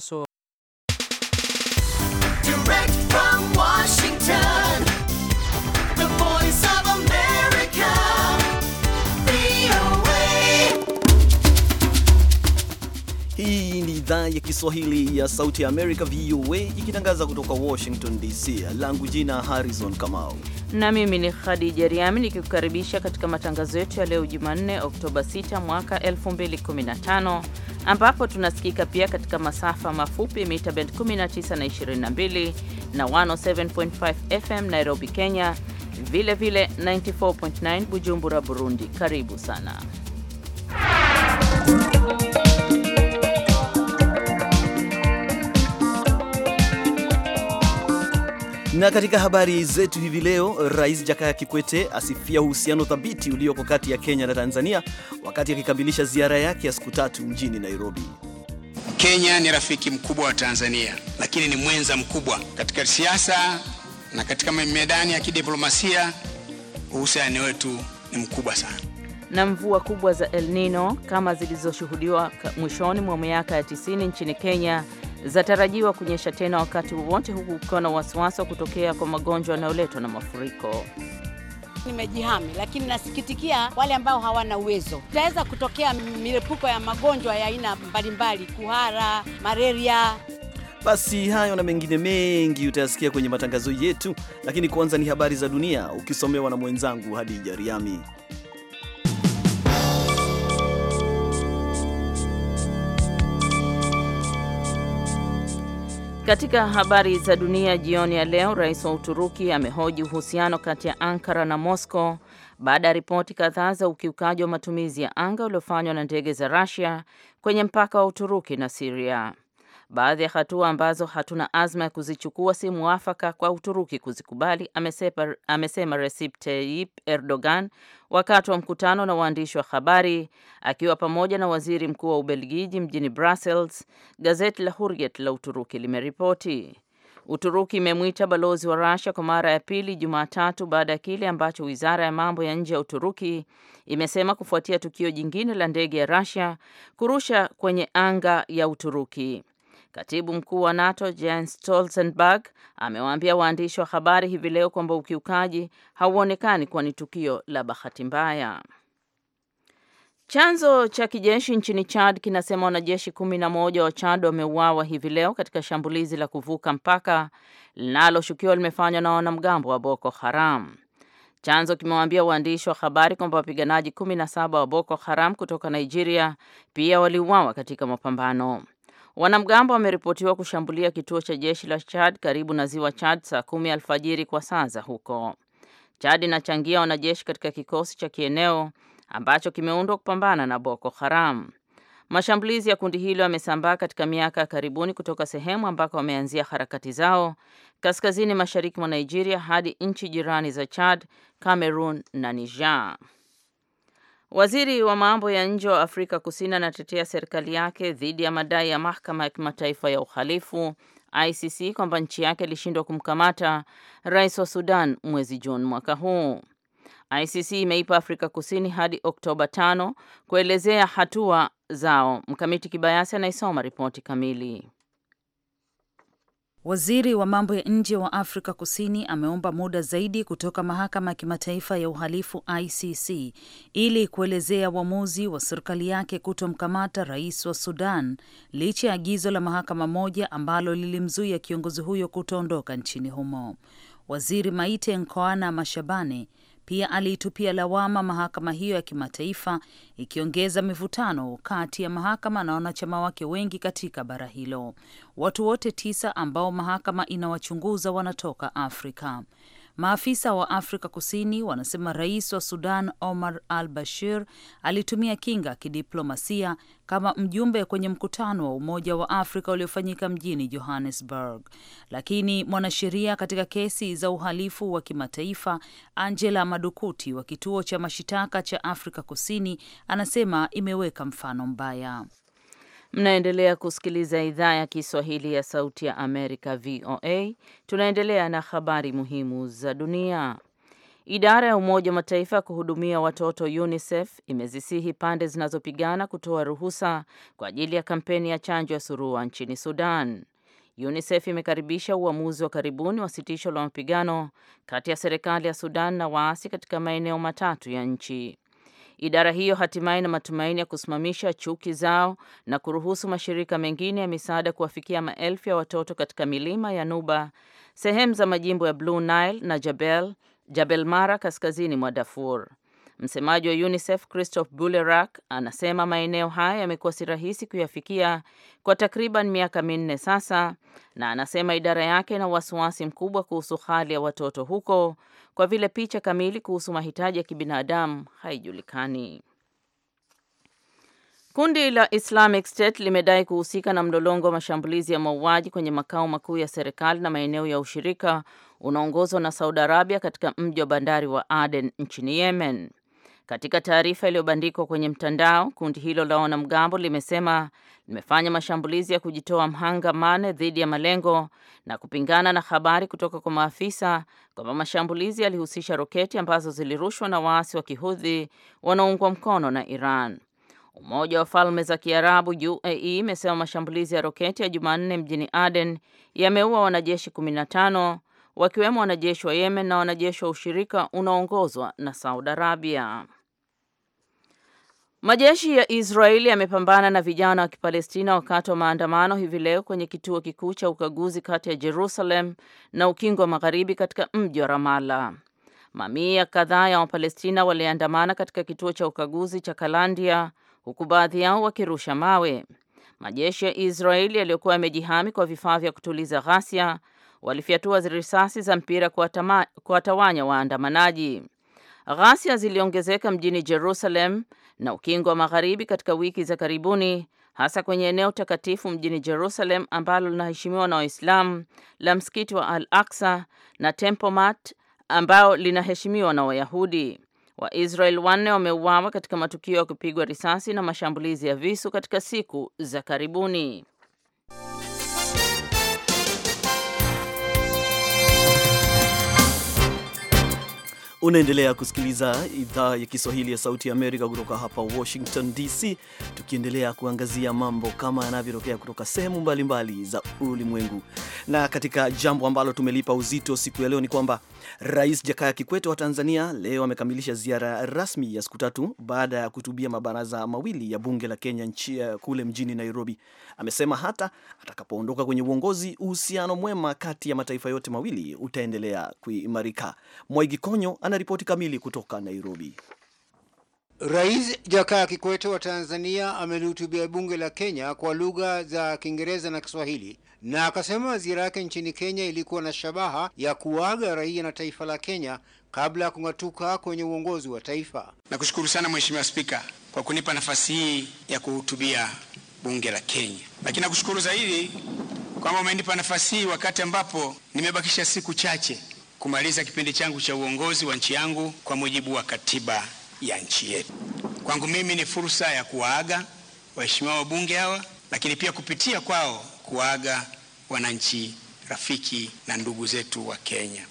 Så. direct from Washington, the voice of America, VOA. Hii ni idhaa ya Kiswahili ya Sauti ya Amerika, VOA, ikitangaza kutoka Washington DC. Langu jina Harrison Kamau na mimi ni Khadija Riami nikikukaribisha katika matangazo yetu ya leo Jumanne, Oktoba 6 mwaka 2015 ambapo tunasikika pia katika masafa mafupi mita band 19 na 22 na 107.5 FM Nairobi, Kenya, vilevile 94.9 Bujumbura, Burundi. Karibu sana. Na katika habari zetu hivi leo, Rais Jakaya Kikwete asifia uhusiano thabiti ulioko kati ya Kenya na Tanzania wakati akikamilisha ya ziara yake ya siku tatu mjini Nairobi. Kenya ni rafiki mkubwa wa Tanzania, lakini ni mwenza mkubwa katika siasa na katika medani ya kidiplomasia. Uhusiano wetu ni mkubwa sana na mvua kubwa za El Nino kama zilizoshuhudiwa mwishoni mwa miaka ya 90 nchini Kenya zatarajiwa kunyesha tena wakati wowote, huku kukiwa na wasiwasi wa kutokea kwa magonjwa yanayoletwa na mafuriko. Nimejihami, lakini nasikitikia wale ambao hawana uwezo. Itaweza kutokea milipuko ya magonjwa ya aina mbalimbali, kuhara, malaria. Basi hayo na mengine mengi utayasikia kwenye matangazo yetu, lakini kwanza ni habari za dunia ukisomewa na mwenzangu Hadija Riami. Katika habari za dunia jioni ya leo, rais wa Uturuki amehoji uhusiano kati ya Ankara na Moscow baada ya ripoti kadhaa za ukiukaji wa matumizi ya anga uliofanywa na ndege za Russia kwenye mpaka wa Uturuki na siria Baadhi ya hatua ambazo hatuna azma ya kuzichukua si mwafaka kwa Uturuki kuzikubali, amesema, amesema Recep Tayyip Erdogan wakati wa mkutano na waandishi wa habari akiwa pamoja na waziri mkuu wa Ubelgiji mjini Brussels, gazeti la Hurriyet la Uturuki limeripoti. Uturuki imemwita balozi wa rasia kwa mara ya pili Jumatatu baada ya kile ambacho wizara ya mambo ya nje ya Uturuki imesema kufuatia tukio jingine la ndege ya rasia kurusha kwenye anga ya Uturuki. Katibu mkuu wa NATO Jens Stoltenberg amewaambia waandishi wa habari hivi leo kwamba ukiukaji hauonekani kuwa ni tukio la bahati mbaya. Chanzo cha kijeshi nchini Chad kinasema wanajeshi kumi na moja wa Chad wameuawa hivi leo katika shambulizi la kuvuka mpaka linaloshukiwa limefanywa na wanamgambo wa Boko Haram. Chanzo kimewaambia waandishi wa habari kwamba wapiganaji kumi na saba wa Boko Haram kutoka Nigeria pia waliuawa katika mapambano. Wanamgambo wameripotiwa kushambulia kituo cha jeshi la Chad karibu na ziwa Chad saa kumi alfajiri kwa saa za huko. Chad inachangia wanajeshi katika kikosi cha kieneo ambacho kimeundwa kupambana na Boko Haram. Mashambulizi ya kundi hilo yamesambaa katika miaka ya karibuni kutoka sehemu ambako wameanzia harakati zao kaskazini mashariki mwa Nigeria hadi nchi jirani za Chad, Cameroon na Niger. Waziri wa mambo ya nje wa Afrika Kusini anatetea serikali yake dhidi ya madai ya mahakama ya kimataifa ya uhalifu ICC kwamba nchi yake ilishindwa kumkamata rais wa Sudan mwezi Juni mwaka huu. ICC imeipa Afrika Kusini hadi Oktoba tano kuelezea hatua zao. Mkamiti Kibayasi anaisoma ripoti kamili. Waziri wa mambo ya nje wa Afrika Kusini ameomba muda zaidi kutoka mahakama ya kimataifa ya uhalifu ICC ili kuelezea uamuzi wa serikali yake kutomkamata rais wa Sudan licha ya agizo la mahakama moja ambalo lilimzuia kiongozi huyo kutoondoka nchini humo. Waziri Maite Nkoana Mashabane pia aliitupia lawama mahakama hiyo ya kimataifa, ikiongeza mivutano kati ya mahakama na wanachama wake wengi katika bara hilo. Watu wote tisa ambao mahakama inawachunguza wanatoka Afrika. Maafisa wa Afrika Kusini wanasema rais wa Sudan Omar al Bashir alitumia kinga kidiplomasia kama mjumbe kwenye mkutano wa Umoja wa Afrika uliofanyika mjini Johannesburg, lakini mwanasheria katika kesi za uhalifu wa kimataifa Angela Madukuti wa kituo cha mashitaka cha Afrika Kusini anasema imeweka mfano mbaya. Mnaendelea kusikiliza idhaa ya Kiswahili ya Sauti ya Amerika, VOA. Tunaendelea na habari muhimu za dunia. Idara ya Umoja wa Mataifa ya kuhudumia watoto UNICEF imezisihi pande zinazopigana kutoa ruhusa kwa ajili ya kampeni ya chanjo ya surua nchini Sudan. UNICEF imekaribisha uamuzi wa karibuni wa sitisho la mapigano kati ya serikali ya Sudan na waasi katika maeneo matatu ya nchi. Idara hiyo hatimaye ina matumaini ya kusimamisha chuki zao na kuruhusu mashirika mengine ya misaada kuwafikia maelfu ya watoto katika milima ya Nuba, sehemu za majimbo ya Blue Nile na Jabel, Jabel Mara kaskazini mwa Darfur. Msemaji wa UNICEF Christophe Bulerak anasema maeneo haya yamekuwa si rahisi kuyafikia kwa takriban miaka minne sasa, na anasema idara yake ina wasiwasi mkubwa kuhusu hali ya watoto huko kwa vile picha kamili kuhusu mahitaji ya kibinadamu haijulikani. Kundi la Islamic State limedai kuhusika na mlolongo wa mashambulizi ya mauaji kwenye makao makuu ya serikali na maeneo ya ushirika unaongozwa na Saudi Arabia katika mji wa bandari wa Aden nchini Yemen. Katika taarifa iliyobandikwa kwenye mtandao, kundi hilo la wanamgambo limesema limefanya mashambulizi ya kujitoa mhanga mane dhidi ya malengo na kupingana na habari kutoka kwa maafisa kwamba mashambulizi yalihusisha roketi ambazo zilirushwa na waasi wa Kihudhi wanaoungwa mkono na Iran. Umoja wa Falme za Kiarabu UAE imesema mashambulizi ya roketi ya Jumanne mjini Aden yameua wanajeshi 15 wakiwemo wanajeshi wa Yemen na wanajeshi wa ushirika unaoongozwa na Saudi Arabia. Majeshi ya Israeli yamepambana na vijana wa Kipalestina wakati wa maandamano hivi leo kwenye kituo kikuu cha ukaguzi kati ya Jerusalem na Ukingo wa Magharibi katika mji wa Ramala. Mamia kadhaa ya Wapalestina waliandamana katika kituo cha ukaguzi cha Kalandia huku baadhi yao wakirusha mawe. Majeshi ya Israeli yaliyokuwa yamejihami kwa vifaa vya kutuliza ghasia walifyatua risasi za mpira kuwatawanya waandamanaji. Ghasia ziliongezeka mjini Jerusalem na ukingo wa Magharibi katika wiki za karibuni, hasa kwenye eneo takatifu mjini Jerusalem ambalo linaheshimiwa na Waislamu la msikiti wa Al Aksa na Temple Mount ambao linaheshimiwa na Wayahudi. Waisrael wanne wameuawa katika matukio ya kupigwa risasi na mashambulizi ya visu katika siku za karibuni. Unaendelea kusikiliza idhaa ya Kiswahili ya Sauti ya Amerika kutoka hapa Washington DC, tukiendelea kuangazia mambo kama yanavyotokea kutoka sehemu mbalimbali za ulimwengu. Na katika jambo ambalo tumelipa uzito siku ya leo ni kwamba Rais Jakaya Kikwete wa Tanzania leo amekamilisha ziara rasmi ya siku tatu baada ya kutubia mabaraza mawili ya bunge la Kenya nchi eh, kule mjini Nairobi. Amesema hata atakapoondoka kwenye uongozi, uhusiano mwema kati ya mataifa yote mawili utaendelea kuimarika. Mwaigikonyo ripoti kamili kutoka Nairobi. Rais Jakaya Kikwete wa Tanzania amelihutubia bunge la Kenya kwa lugha za Kiingereza na Kiswahili na akasema ziara yake nchini Kenya ilikuwa na shabaha ya kuaga raia na taifa la Kenya kabla ya kung'atuka kwenye uongozi wa taifa. Nakushukuru sana Mheshimiwa Spika kwa kunipa nafasi hii ya kuhutubia bunge la Kenya, lakini nakushukuru zaidi kwamba umenipa nafasi hii wakati ambapo nimebakisha siku chache kumaliza kipindi changu cha uongozi wa nchi yangu kwa mujibu wa katiba ya nchi yetu. Kwangu mimi ni fursa ya kuwaaga waheshimiwa wabunge hawa, lakini pia kupitia kwao kuwaaga wananchi rafiki na ndugu zetu wa Kenya.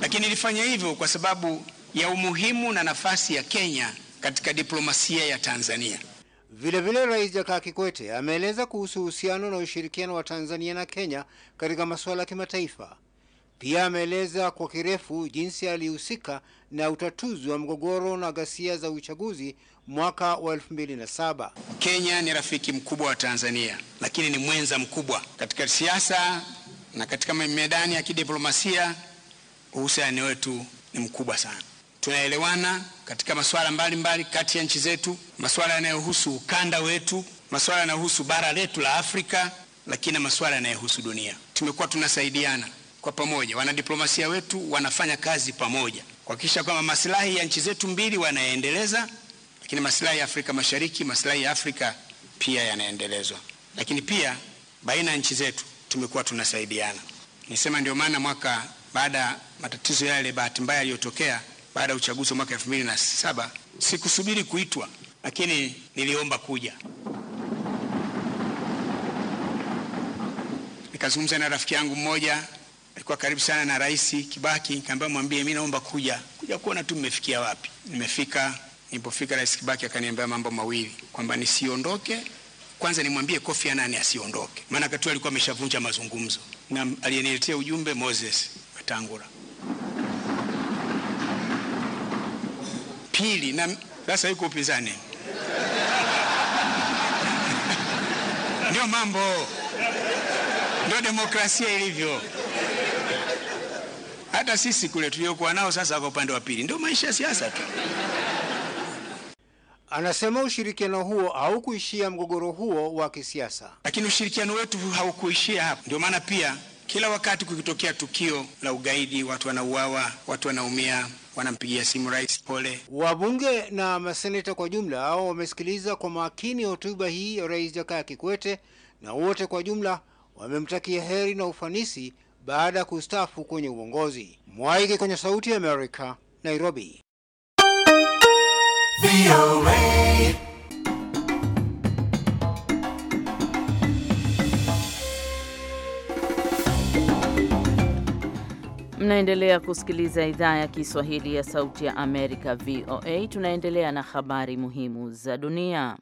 Lakini nilifanya hivyo kwa sababu ya umuhimu na nafasi ya Kenya katika diplomasia ya Tanzania. Vilevile Rais Jakaya Kikwete ameeleza kuhusu uhusiano na ushirikiano wa Tanzania na Kenya katika masuala ya kimataifa. Pia ameeleza kwa kirefu jinsi alihusika na utatuzi wa mgogoro na ghasia za uchaguzi mwaka wa 2007. Kenya ni rafiki mkubwa wa Tanzania, lakini ni mwenza mkubwa katika siasa na katika medani ya kidiplomasia. Uhusiano wetu ni mkubwa sana tunaelewana katika masuala mbalimbali kati ya nchi zetu, masuala yanayohusu ukanda wetu, masuala yanayohusu bara letu la Afrika, lakini na masuala yanayohusu dunia. Tumekuwa tunasaidiana kwa pamoja, wanadiplomasia wetu wanafanya kazi pamoja kuhakikisha kwamba maslahi ya nchi zetu mbili wanaendeleza, lakini maslahi ya Afrika Mashariki, maslahi ya Afrika pia yanaendelezwa. Lakini pia baina ya nchi zetu tumekuwa tunasaidiana. Nisema ndio maana mwaka baada ya matatizo yale bahati mbaya yaliyotokea baada ya uchaguzi wa mwaka elfu mbili na saba. Sikusubiri kuitwa, lakini niliomba kuja nikazungumza na rafiki yangu mmoja alikuwa karibu sana na Rais Kibaki, nikamwambia mwambie, mimi naomba kuja kuja kuona tu mmefikia wapi. Nimefika. Nilipofika Rais Kibaki akaniambia mambo mawili, kwamba nisiondoke kwanza, nimwambie Kofi Annan asiondoke, maana katu alikuwa ameshavunja mazungumzo, na aliyeniletea ujumbe Moses Matangura. pili na sasa yuko upinzani ndio mambo, ndio demokrasia ilivyo. Hata sisi kule tuliokuwa nao sasa kwa upande wa pili, ndio maisha ya siasa tu. Anasema ushirikiano huo haukuishia mgogoro huo wa kisiasa, lakini ushirikiano wetu haukuishia hapo, ndio maana pia kila wakati kukitokea tukio la ugaidi, watu wanauawa, watu wanaumia, wanampigia simu rais pole. Wabunge na maseneta kwa jumla wamesikiliza kwa makini hotuba hii ya Rais Jakaya Kikwete na wote kwa jumla wamemtakia heri na ufanisi baada ya kustafu kwenye uongozi. Mwaige kwenye Sauti ya Amerika, Nairobi. Mnaendelea kusikiliza idhaa ya Kiswahili ya Sauti ya Amerika, VOA. Tunaendelea na habari muhimu za dunia.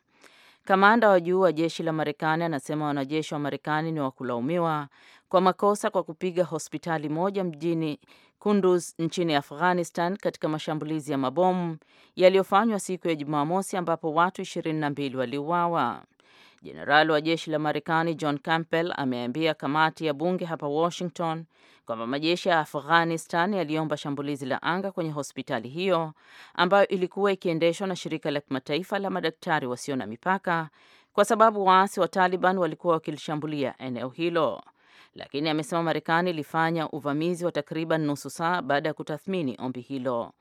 Kamanda wa juu wa jeshi la Marekani anasema wanajeshi wa Marekani ni wakulaumiwa kwa makosa kwa kupiga hospitali moja mjini Kunduz nchini Afghanistan katika mashambulizi ya mabomu yaliyofanywa siku ya Jumamosi ambapo watu 22 waliuawa. Jenerali wa jeshi la Marekani John Campbell ameambia kamati ya bunge hapa Washington kwamba majeshi ya Afghanistan yaliomba shambulizi la anga kwenye hospitali hiyo ambayo ilikuwa ikiendeshwa na shirika la kimataifa la madaktari wasio na mipaka kwa sababu waasi wa Taliban walikuwa wakilishambulia eneo hilo. Lakini amesema Marekani ilifanya uvamizi wa takriban nusu saa baada ya kutathmini ombi hilo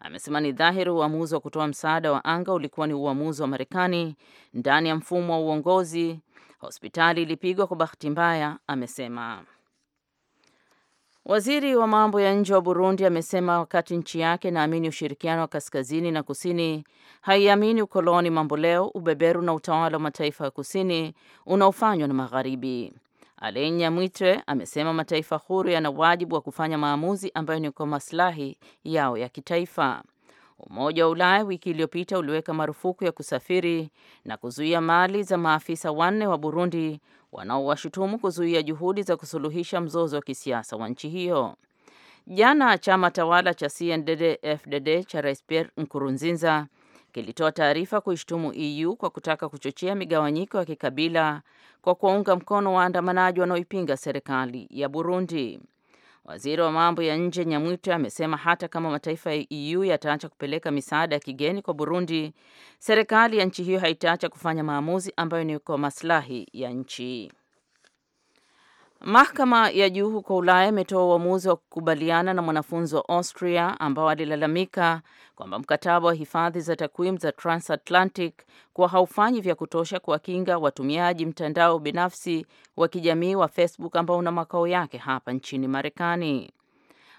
amesema ni dhahiri uamuzi wa kutoa msaada wa anga ulikuwa ni uamuzi wa Marekani ndani ya mfumo wa uongozi. Hospitali ilipigwa kwa bahati mbaya, amesema. Waziri wa mambo ya nje wa Burundi amesema wakati nchi yake inaamini ushirikiano wa kaskazini na kusini, haiamini ukoloni mambo leo, ubeberu na utawala wa mataifa ya kusini unaofanywa na magharibi. Alenya Mwitwe amesema mataifa huru yana wajibu wa kufanya maamuzi ambayo ni kwa maslahi yao ya kitaifa. Umoja wa Ulaya wiki iliyopita uliweka marufuku ya kusafiri na kuzuia mali za maafisa wanne wa Burundi wanaowashutumu kuzuia juhudi za kusuluhisha mzozo wa kisiasa wa nchi hiyo. Jana chama tawala cha CNDD-FDD cha Rais Pierre Nkurunziza kilitoa taarifa kuishtumu EU kwa kutaka kuchochea migawanyiko ya kikabila kwa kuwaunga mkono waandamanaji wanaoipinga serikali ya Burundi. Waziri wa mambo ya nje Nyamwita amesema hata kama mataifa ya EU yataacha kupeleka misaada ya kigeni kwa Burundi, serikali ya nchi hiyo haitaacha kufanya maamuzi ambayo ni kwa maslahi ya nchi. Mahakama ya juu huko Ulaya imetoa uamuzi wa kukubaliana na mwanafunzi wa Austria ambao alilalamika kwamba mkataba wa hifadhi za takwimu za transatlantic kuwa haufanyi vya kutosha kuwakinga watumiaji mtandao binafsi wa kijamii wa Facebook ambao una makao yake hapa nchini Marekani.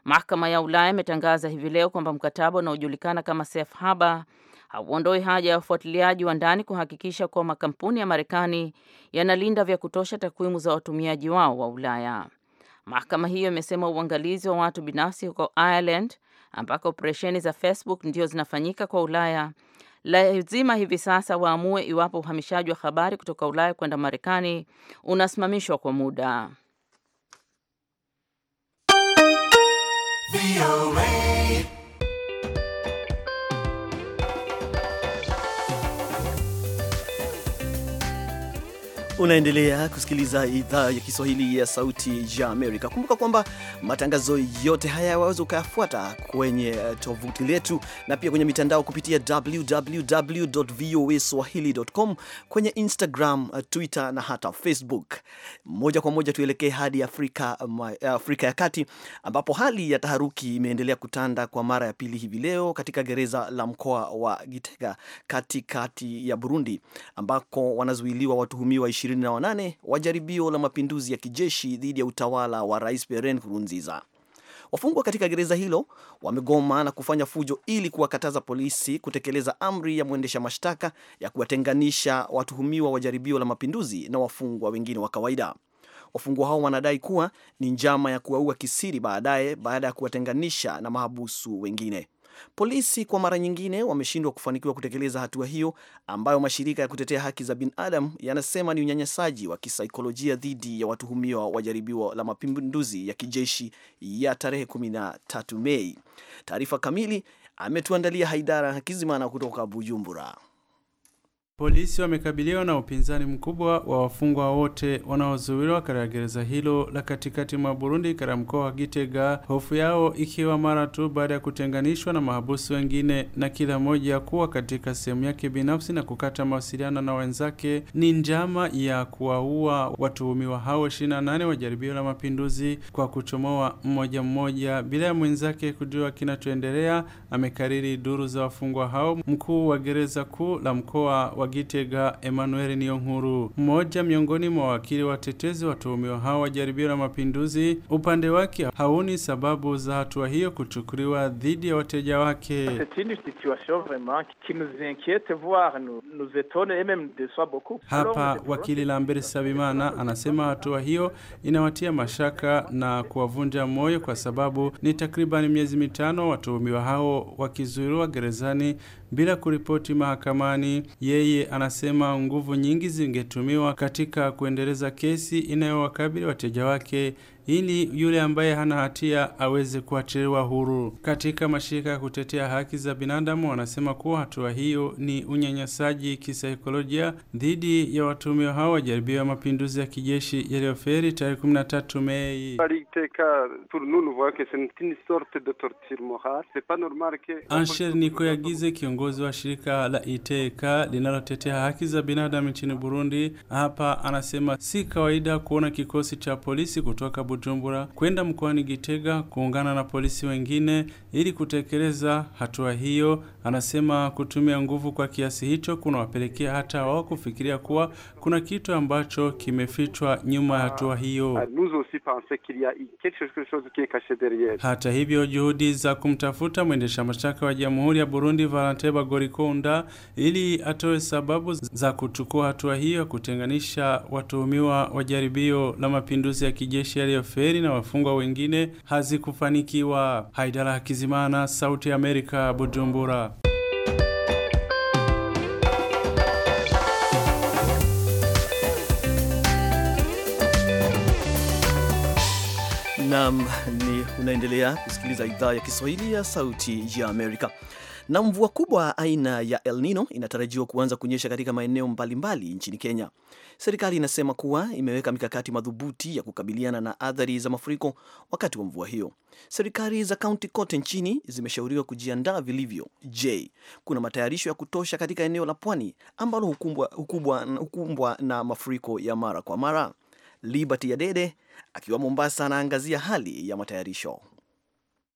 Mahakama ya Ulaya imetangaza hivi leo kwamba mkataba unaojulikana kama safe harbor hauondoi haja ya wafuatiliaji wa ndani kuhakikisha kuwa makampuni ya Marekani yanalinda vya kutosha takwimu za watumiaji wao wa Ulaya. Mahakama hiyo imesema uangalizi wa watu binafsi huko Ireland, ambako operesheni za Facebook ndio zinafanyika kwa Ulaya, lazima hivi sasa waamue iwapo uhamishaji wa habari kutoka Ulaya kwenda Marekani unasimamishwa kwa muda. Unaendelea kusikiliza idhaa ya Kiswahili ya Sauti ya Amerika. Kumbuka kwamba matangazo yote haya waweza ukayafuata kwenye tovuti letu na pia kwenye mitandao kupitia swahilicom, kwenye Instagram, Twitter na hata Facebook. Moja kwa moja tuelekee hadi Afrika, Afrika ya Kati ambapo hali ya taharuki imeendelea kutanda kwa mara ya pili hivi leo katika gereza la mkoa wa Gitega katikati ya Burundi ambako wanazuiliwa watuhumiwa 28 wa jaribio la mapinduzi ya kijeshi dhidi ya utawala wa Rais Pierre Nkurunziza. Wafungwa katika gereza hilo wamegoma na kufanya fujo ili kuwakataza polisi kutekeleza amri ya mwendesha mashtaka ya kuwatenganisha watuhumiwa wa jaribio la mapinduzi na wafungwa wengine wa kawaida. Wafungwa hao wanadai kuwa ni njama ya kuwaua kisiri baadaye baada ya kuwatenganisha na mahabusu wengine. Polisi kwa mara nyingine wameshindwa kufanikiwa kutekeleza hatua hiyo ambayo mashirika ya kutetea haki za binadamu yanasema ni unyanyasaji wa kisaikolojia dhidi ya watuhumiwa wa jaribio la mapinduzi ya kijeshi ya tarehe 13 Mei. Taarifa kamili ametuandalia Haidara Hakizimana kutoka Bujumbura. Polisi wamekabiliwa na upinzani mkubwa wa wafungwa wote wanaozuiliwa katika gereza hilo la katikati mwa Burundi katika mkoa wa Gitega, hofu yao ikiwa mara tu baada ya kutenganishwa na mahabusu wengine na kila mmoja kuwa katika sehemu yake binafsi na kukata mawasiliano na wenzake, ni njama ya kuwaua watuhumiwa hao 28 wa jaribio la mapinduzi kwa kuchomoa mmoja mmoja bila ya mwenzake kujua kinachoendelea, amekariri duru za wafungwa hao mkuu wa gereza kuu la mkoa wa Gitega Emmanuel Niyonkuru, mmoja miongoni mwa wakili watetezi watuhumiwa hao wa jaribio la mapinduzi. Upande wake hauni sababu za hatua hiyo kuchukuliwa dhidi ya wateja wake. Hapa wakili Lambert Sabimana anasema hatua hiyo inawatia mashaka na kuwavunja moyo kwa sababu ni takriban miezi mitano watuhumiwa hao wakizuiliwa gerezani bila kuripoti mahakamani. Yeye anasema nguvu nyingi zingetumiwa katika kuendeleza kesi inayowakabili wateja wake ili yule ambaye hana hatia aweze kuachiliwa huru. Katika mashirika ya kutetea haki za binadamu, wanasema kuwa hatua hiyo ni unyanyasaji kisaikolojia dhidi ya watumio hao wajaribio ya mapinduzi ya kijeshi yaliyoferi tarehe kumi tatu Mei. Ansher Nikoyagize, kiongozi wa shirika la ITK e linalotetea haki za binadamu nchini Burundi, hapa anasema si kawaida kuona kikosi cha polisi kutoka Bujumbura kwenda mkoani Gitega kuungana na polisi wengine ili kutekeleza hatua hiyo. Anasema kutumia nguvu kwa kiasi hicho kunawapelekea hata wao kufikiria kuwa kuna kitu ambacho kimefichwa nyuma ya hatua hiyo. Ah, hata hivyo, juhudi za kumtafuta mwendesha mashtaka wa Jamhuri ya Burundi Valentin Bagorikunda ili atoe sababu za kuchukua hatua hiyo ya kutenganisha watuhumiwa wa jaribio la mapinduzi ya kijeshi yaliyo Feri na wafungwa wengine hazikufanikiwa. Haidara Hakizimana, Sauti ya Amerika, Bujumbura. Nam ni unaendelea kusikiliza idhaa ya Kiswahili ya Sauti ya Amerika. Na mvua kubwa aina ya El Nino inatarajiwa kuanza kunyesha katika maeneo mbalimbali nchini Kenya. Serikali inasema kuwa imeweka mikakati madhubuti ya kukabiliana na athari za mafuriko wakati wa mvua hiyo. Serikali za kaunti kote nchini zimeshauriwa kujiandaa vilivyo. Je, kuna matayarisho ya kutosha katika eneo la pwani ambalo hukumbwa, hukumbwa, hukumbwa na mafuriko ya mara kwa mara? Liberty Yadede akiwa Mombasa anaangazia hali ya matayarisho.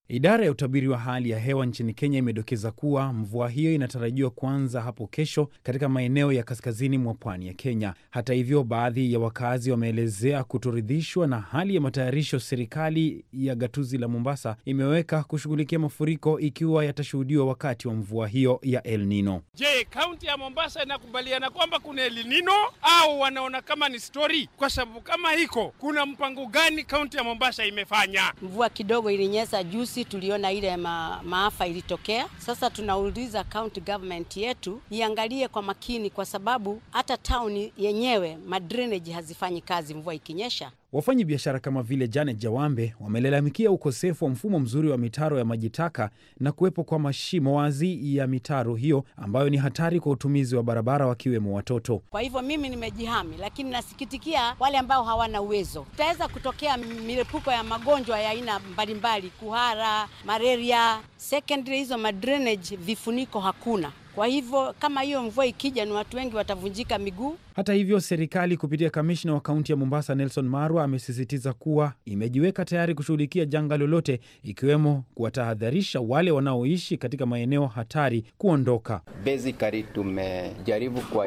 Idara ya utabiri wa hali ya hewa nchini Kenya imedokeza kuwa mvua hiyo inatarajiwa kuanza hapo kesho katika maeneo ya kaskazini mwa pwani ya Kenya. Hata hivyo, baadhi ya wakazi wameelezea kutoridhishwa na hali ya matayarisho serikali ya gatuzi la Mombasa imeweka kushughulikia mafuriko ikiwa yatashuhudiwa wakati wa mvua hiyo ya El Nino. Je, kaunti ya Mombasa inakubaliana kwamba kuna El Nino au wanaona kama ni stori? Kwa sababu kama hiko, kuna mpango gani kaunti ya Mombasa imefanya? Mvua kidogo ilinyesa juzi sisi tuliona ile ma, maafa ilitokea. Sasa tunauliza county government yetu iangalie kwa makini, kwa sababu hata town yenyewe madrainage hazifanyi kazi mvua ikinyesha. Wafanyi biashara kama vile Janet Jawambe wamelalamikia ukosefu wa mfumo mzuri wa mitaro ya maji taka na kuwepo kwa mashimo wazi ya mitaro hiyo ambayo ni hatari kwa utumizi wa barabara wakiwemo watoto. Kwa hivyo mimi nimejihami, lakini nasikitikia wale ambao hawana uwezo. Tutaweza kutokea milipuko ya magonjwa ya aina mbalimbali, kuhara, malaria, secondary hizo madrainage, vifuniko hakuna. Kwa hivyo kama hiyo mvua ikija, ni watu wengi watavunjika miguu. Hata hivyo, serikali kupitia kamishna wa kaunti ya Mombasa Nelson Marwa amesisitiza kuwa imejiweka tayari kushughulikia janga lolote, ikiwemo kuwatahadharisha wale wanaoishi katika maeneo hatari kuondoka. Basically tumejaribu ku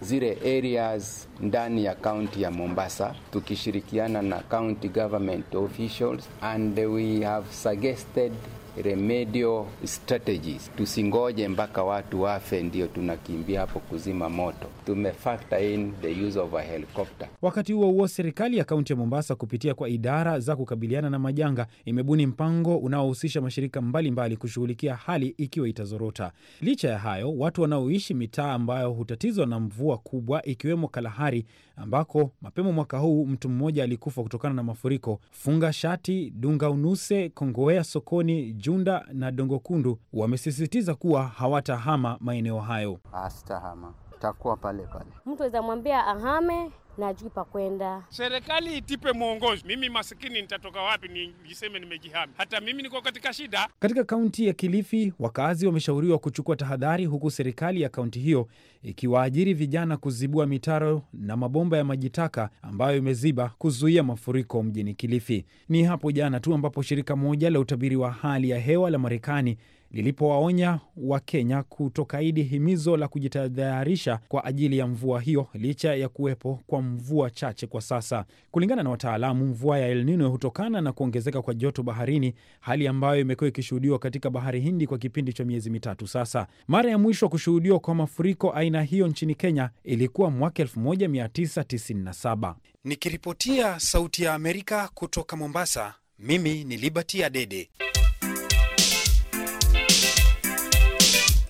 zile areas ndani ya kaunti ya Mombasa tukishirikiana na county government officials and we have suggested remedial strategies. Tusingoje mpaka watu wafe ndio tunakimbia hapo kuzima moto. Tumefactor in the use of a helicopter. Wakati huo huo, serikali ya kaunti ya Mombasa kupitia kwa idara za kukabiliana na majanga imebuni mpango unaohusisha mashirika mbalimbali mbali kushughulikia hali ikiwa itazorota. Licha ya hayo, watu wanaoishi mitaa ambayo hutatizwa na mvua kubwa ikiwemo Kalahari ambako mapema mwaka huu mtu mmoja alikufa kutokana na mafuriko. Funga shati, dunga unuse, kongoea sokoni, Junda na Dongo Kundu wamesisitiza kuwa hawatahama maeneo hayo. Astahama takuwa pale pale, mtu aweza mwambia ahame na ajui pa kwenda. Serikali itipe mwongozo. Mimi masikini nitatoka wapi nijiseme nimejihami? Hata mimi niko katika shida. Katika kaunti ya Kilifi, wakazi wameshauriwa kuchukua tahadhari, huku serikali ya kaunti hiyo ikiwaajiri vijana kuzibua mitaro na mabomba ya majitaka ambayo imeziba kuzuia mafuriko mjini Kilifi. Ni hapo jana tu ambapo shirika moja la utabiri wa hali ya hewa la Marekani lilipowaonya Wakenya kutokaidi himizo la kujitayarisha kwa ajili ya mvua hiyo licha ya kuwepo kwa mvua chache kwa sasa. Kulingana na wataalamu, mvua ya El Nino hutokana na kuongezeka kwa joto baharini, hali ambayo imekuwa ikishuhudiwa katika bahari Hindi kwa kipindi cha miezi mitatu sasa. Mara ya mwisho kushuhudiwa kwa mafuriko aina hiyo nchini Kenya ilikuwa mwaka 1997. Nikiripotia Sauti ya Amerika kutoka Mombasa, mimi ni Liberty Adede.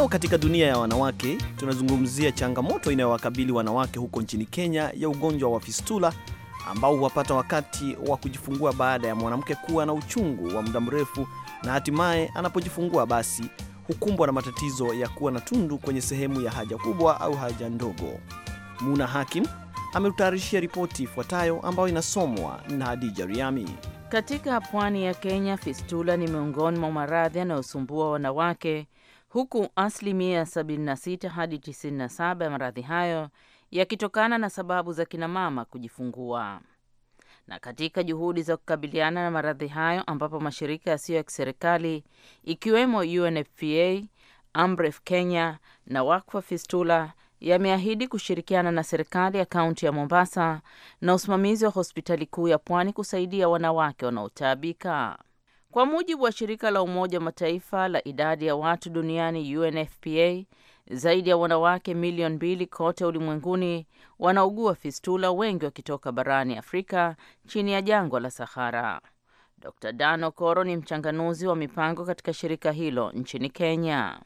Leo katika dunia ya wanawake tunazungumzia changamoto inayowakabili wanawake huko nchini Kenya ya ugonjwa wa fistula ambao huwapata wakati wa kujifungua baada ya mwanamke kuwa na uchungu wa muda mrefu na hatimaye anapojifungua basi hukumbwa na matatizo ya kuwa na tundu kwenye sehemu ya haja kubwa au haja ndogo. Muna Hakim ametutayarishia ripoti ifuatayo ambayo inasomwa na Hadija Riami. Katika pwani ya Kenya, fistula ni miongoni mwa maradhi yanayosumbua wanawake huku asilimia 76 hadi 97 ya maradhi hayo yakitokana na sababu za kinamama kujifungua. Na katika juhudi za kukabiliana na maradhi hayo, ambapo mashirika yasiyo ya kiserikali ikiwemo UNFPA, Amref Kenya na Wakfa Fistula yameahidi kushirikiana na serikali ya kaunti ya Mombasa na usimamizi wa hospitali kuu ya Pwani kusaidia wanawake wanaotaabika. Kwa mujibu wa shirika la Umoja wa Mataifa la idadi ya watu duniani UNFPA, zaidi ya wanawake milioni mbili kote ulimwenguni wanaugua fistula, wengi wakitoka barani Afrika chini ya jangwa la Sahara. Dr. Dan Okoro ni mchanganuzi wa mipango katika shirika hilo nchini Kenya.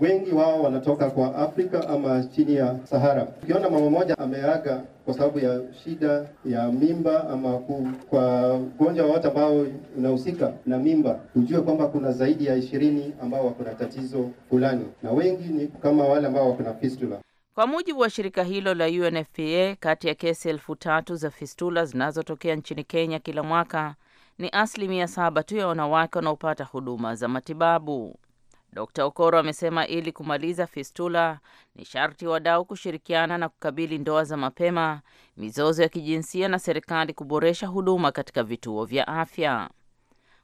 Wengi wao wanatoka kwa Afrika ama chini ya Sahara. Ukiona mama mmoja ameaga kwa sababu ya shida ya mimba ama ku, kwa ugonjwa wote ambao unahusika na mimba, ujue kwamba kuna zaidi ya ishirini ambao wako na tatizo fulani, na wengi ni kama wale ambao wako na fistula. Kwa mujibu wa shirika hilo la UNFPA, kati ya kesi elfu tatu za fistula zinazotokea nchini Kenya kila mwaka ni asilimia saba tu ya wanawake wanaopata huduma za matibabu. Dkt. Okoro amesema ili kumaliza fistula ni sharti wadau kushirikiana na kukabili ndoa za mapema, mizozo ya kijinsia na serikali kuboresha huduma katika vituo vya afya.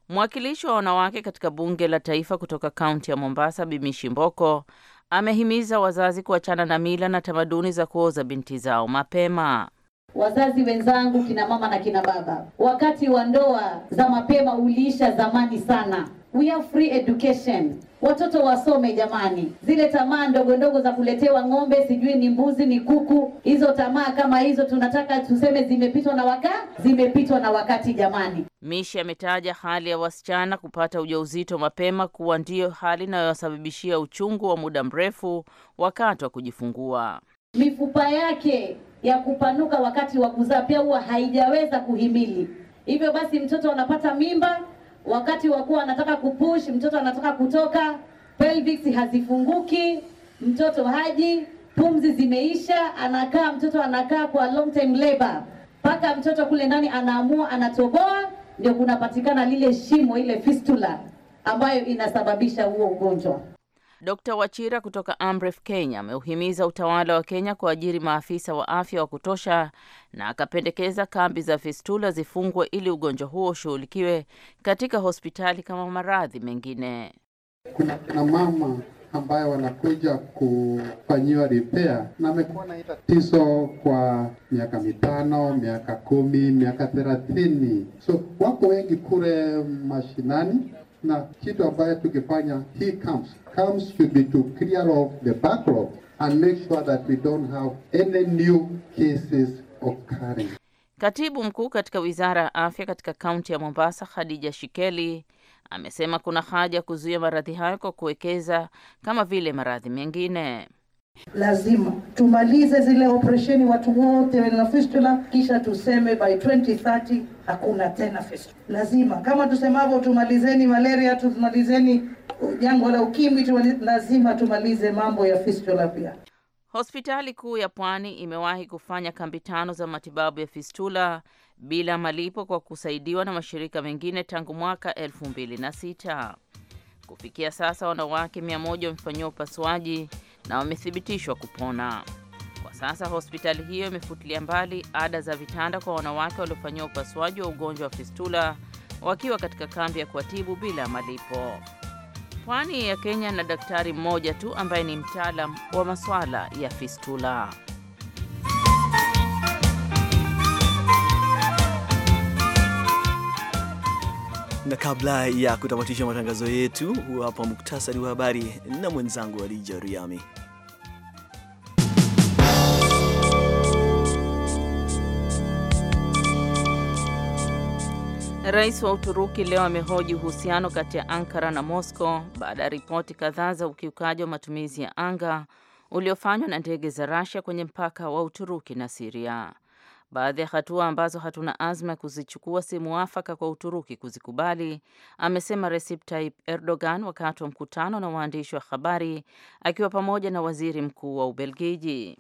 Mwakilishi wa wanawake katika bunge la taifa kutoka kaunti ya Mombasa, bimishi Shimboko, amehimiza wazazi kuachana na mila na tamaduni za kuoza binti zao mapema. Wazazi wenzangu, kina mama na kina baba, wakati wa ndoa za mapema uliisha zamani sana. We have free education, watoto wasome jamani. Zile tamaa ndogo ndogo za kuletewa ng'ombe, sijui ni mbuzi ni kuku, hizo tamaa kama hizo tunataka tuseme zimepitwa na waka, zimepitwa na wakati jamani. Mishi ametaja hali ya wasichana kupata ujauzito mapema kuwa ndiyo hali inayowasababishia uchungu wa muda mrefu wakati wa kujifungua mifupa yake ya kupanuka wakati wa kuzaa pia huwa haijaweza kuhimili. Hivyo basi mtoto anapata mimba, wakati wa kuwa anataka kupush, mtoto anataka kutoka, pelvis hazifunguki, mtoto haji, pumzi zimeisha, anakaa mtoto anakaa kwa long time labor mpaka mtoto kule ndani anaamua anatoboa, ndio kunapatikana lile shimo, ile fistula ambayo inasababisha huo ugonjwa. Dr Wachira kutoka Amref Kenya ameuhimiza utawala wa Kenya kuajiri maafisa wa afya wa kutosha na akapendekeza kambi za fistula zifungwe ili ugonjwa huo ushughulikiwe katika hospitali kama maradhi mengine. Kuna kina mama ambayo wanakuja kufanyiwa repair na amekuwa na tatizo kwa miaka mitano, miaka kumi, miaka thelathini. So wako wengi kule mashinani na kitu ambayo tukifanya hii camps, camps should be to clear off the backlog and make sure that we don't have any new cases occurring. Katibu mkuu katika wizara ya afya katika kaunti ya Mombasa, Khadija Shikeli, amesema kuna haja ya kuzuia maradhi hayo kwa kuwekeza kama vile maradhi mengine. Lazima tumalize zile operesheni watu wote na fistula, kisha tuseme by 2030 hakuna tena fistula. Lazima kama tusemavyo, tumalizeni malaria, tumalizeni jangwa la ukimwi, tumalize, lazima tumalize mambo ya fistula pia. Hospitali kuu ya Pwani imewahi kufanya kambi tano za matibabu ya fistula bila malipo kwa kusaidiwa na mashirika mengine tangu mwaka elfu sita. Kufikia sasa wanawake 100 wamefanyiwa upasuaji na wamethibitishwa kupona. Kwa sasa hospitali hiyo imefutilia mbali ada za vitanda kwa wanawake waliofanyiwa upasuaji wa ugonjwa wa fistula wakiwa katika kambi ya kuwatibu bila malipo. Pwani ya Kenya na daktari mmoja tu ambaye ni mtaalam wa masuala ya fistula. na kabla ya kutamatisha matangazo yetu, huwa hapa muktasari wa habari na mwenzangu Alija Riami. Rais wa Uturuki leo amehoji uhusiano kati ya Ankara na Moscow baada ya ripoti kadhaa za ukiukaji wa matumizi ya anga uliofanywa na ndege za Russia kwenye mpaka wa Uturuki na Siria. Baadhi ya hatua ambazo hatuna azma ya kuzichukua si mwafaka kwa Uturuki kuzikubali, amesema Recep Tayyip Erdogan wakati wa mkutano na waandishi wa habari akiwa pamoja na waziri mkuu wa Ubelgiji.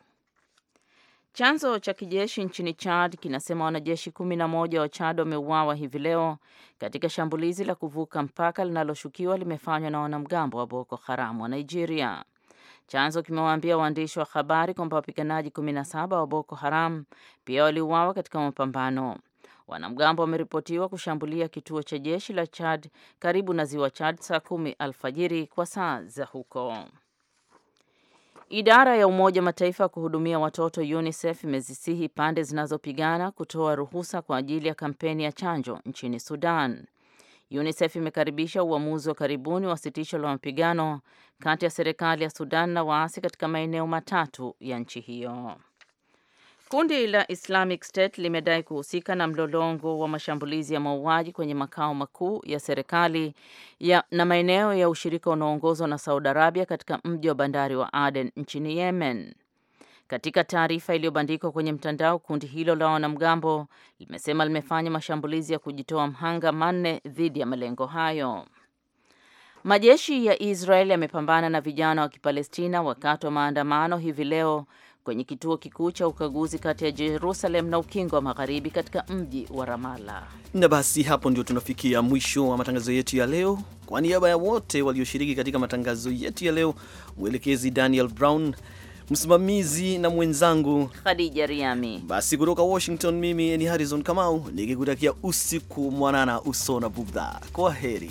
Chanzo cha kijeshi nchini Chad kinasema wanajeshi kumi na moja wa Chad wameuawa hivi leo katika shambulizi la kuvuka mpaka linaloshukiwa limefanywa na wanamgambo wa Boko Haram wa Nigeria. Chanzo kimewaambia waandishi wa habari kwamba wapiganaji 17 wa Boko Haram pia waliuawa katika mapambano. Wanamgambo wameripotiwa kushambulia kituo cha jeshi la Chad karibu na ziwa Chad saa kumi alfajiri kwa saa za huko. Idara ya Umoja wa Mataifa ya kuhudumia watoto UNICEF imezisihi pande zinazopigana kutoa ruhusa kwa ajili ya kampeni ya chanjo nchini Sudan. UNICEF imekaribisha uamuzi wa karibuni wa sitisho la mapigano kati ya serikali ya Sudan na waasi katika maeneo matatu ya nchi hiyo. Kundi la Islamic State limedai kuhusika na mlolongo wa mashambulizi ya mauaji kwenye makao makuu ya serikali ya, na maeneo ya ushirika unaoongozwa na Saudi Arabia katika mji wa bandari wa Aden nchini Yemen. Katika taarifa iliyobandikwa kwenye mtandao, kundi hilo la wanamgambo limesema limefanya mashambulizi ya kujitoa mhanga manne dhidi ya malengo hayo. Majeshi ya Israel yamepambana na vijana wa Kipalestina wakati wa maandamano hivi leo kwenye kituo kikuu cha ukaguzi kati ya Jerusalem na ukingo wa magharibi katika mji wa Ramala. Na basi hapo ndio tunafikia mwisho wa matangazo yetu ya leo. Kwa niaba ya wote walioshiriki katika matangazo yetu ya leo, mwelekezi Daniel Brown msimamizi na mwenzangu Khadija Riami. Basi kutoka Washington, mimi ni Harrison Kamau nikikutakia usiku mwanana, usona na Kwa heri.